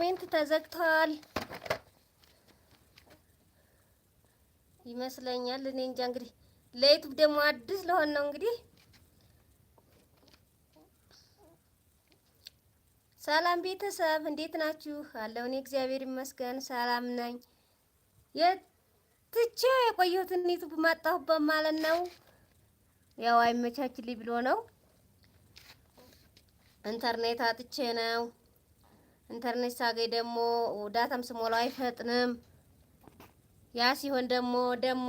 ኮሜንት ተዘግተዋል ይመስለኛል። እኔ እንጃ እንግዲህ ለዩቱብ ደግሞ አዲስ ለሆን ነው እንግዲህ ሰላም ቤተሰብ እንዴት ናችሁ? አለሁ እኔ እግዚአብሔር ይመስገን ሰላም ነኝ። የትቼው የቆየሁትን ዩቱብ ማጣሁበት ማለት ነው። ያው አይመቻችልኝ ብሎ ነው ኢንተርኔት አጥቼ ነው ኢንተርኔት ሳገኝ ደግሞ ዳታም ስሞላው አይፈጥንም። ያ ሲሆን ደግሞ ደግሞ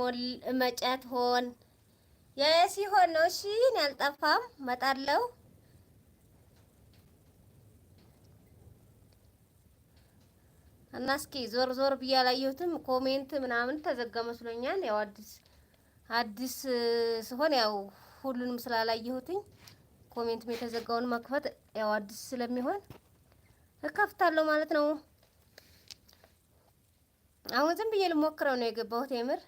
መጨት ሆን ያ ሲሆን ነው። እሺ እኔ አልጠፋም፣ እመጣለሁ። እና እስኪ ዞር ዞር ብዬ አላየሁትም። ኮሜንት ምናምን ተዘጋ መስሎኛል። ያው አዲስ አዲስ ስሆን ያው ሁሉንም ስላላየሁትኝ ኮሜንት የተዘጋውን መክፈት ያው አዲስ ስለሚሆን እከፍታለሁ ማለት ነው። አሁን ዝም ብዬ ልሞክረው ነው የገባሁት የምር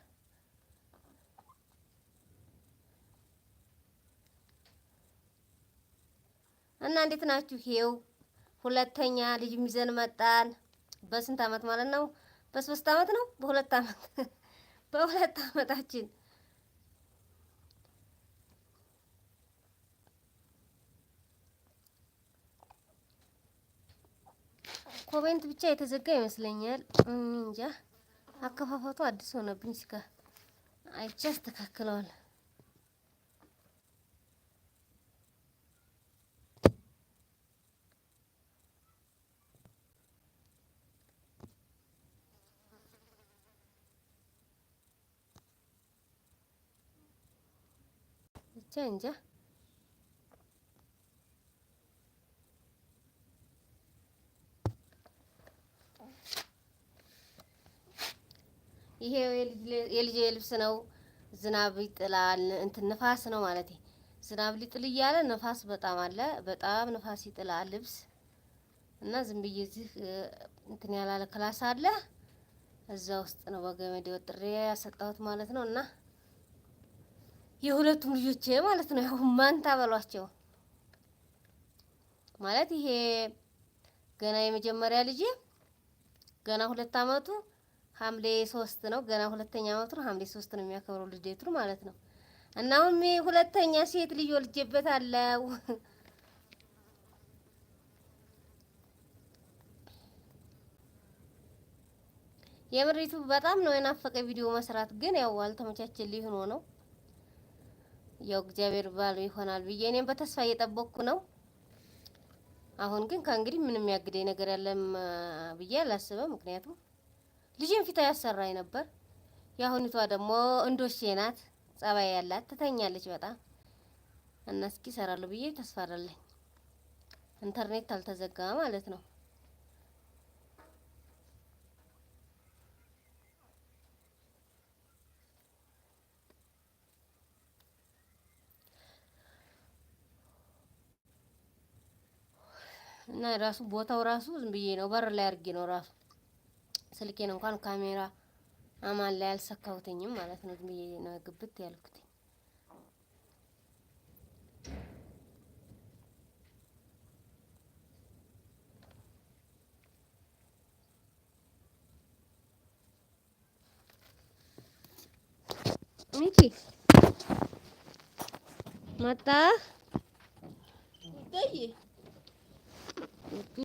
እና እንዴት ናችሁ? ይሄው ሁለተኛ ልጅ ይዘን መጣን። በስንት አመት ማለት ነው? በሶስት አመት ነው፣ በሁለት አመት በሁለት አመታችን ኮሜንት ብቻ የተዘጋ ይመስለኛል። እንጃ አከፋፈቱ አዲስ ሆነብኝ። ሲካ አይቼ አስተካክለዋል። ብቻ እንጃ ይሄ የልጄ ልብስ ነው። ዝናብ ይጥላል እንትን ንፋስ ነው ማለት ዝናብ ሊጥል እያለ ንፋስ በጣም አለ። በጣም ንፋስ ይጥላል ልብስ እና ዝም ብዬ እዚህ እንትን ያላለ ክላስ አለ እዛ ውስጥ ነው በገመድ ወጥሬ ያሰጣሁት ማለት ነው። እና የሁለቱም ልጆቼ ማለት ነው ያው ማንታ በሏቸው ማለት ይሄ ገና የመጀመሪያ ልጅ ገና ሁለት አመቱ ሐምሌ ሶስት ነው ገና ሁለተኛ አመቱ ነው። ሐምሌ ሶስት ነው የሚያከብረው ልደቱ ማለት ነው። እና አሁን ሁለተኛ ሴት ልጅ ወልጄበት አለው። የምሪቱ በጣም ነው የናፈቀ ቪዲዮ መስራት ግን ያው አልተመቻቸ ሊሆን ነው። ያው እግዚአብሔር ባሉ ይሆናል ብዬ እኔም በተስፋ እየጠበቅኩ ነው። አሁን ግን ከእንግዲህ ምንም ያግደኝ ነገር ያለም ብዬ አላስብም ምክንያቱም ልጅን ፊት ያሰራኝ ነበር። የአሁኒቷ ደግሞ እንዶሴ ናት፣ ጸባይ ያላት ትተኛለች በጣም እና እስኪ እሰራለሁ ብዬ ተስፋ አለኝ። ኢንተርኔት አልተዘጋ ማለት ነው። እና ራሱ ቦታው ራሱ ዝም ብዬ ነው በር ላይ አድርጌ ነው ራሱ ስልኬን እንኳን ካሜራ አማን ላይ አልሰካሁትኝም ማለት ነው። ዝም ብዬ ነው ግብት ያልኩት። ሚኪ መጣ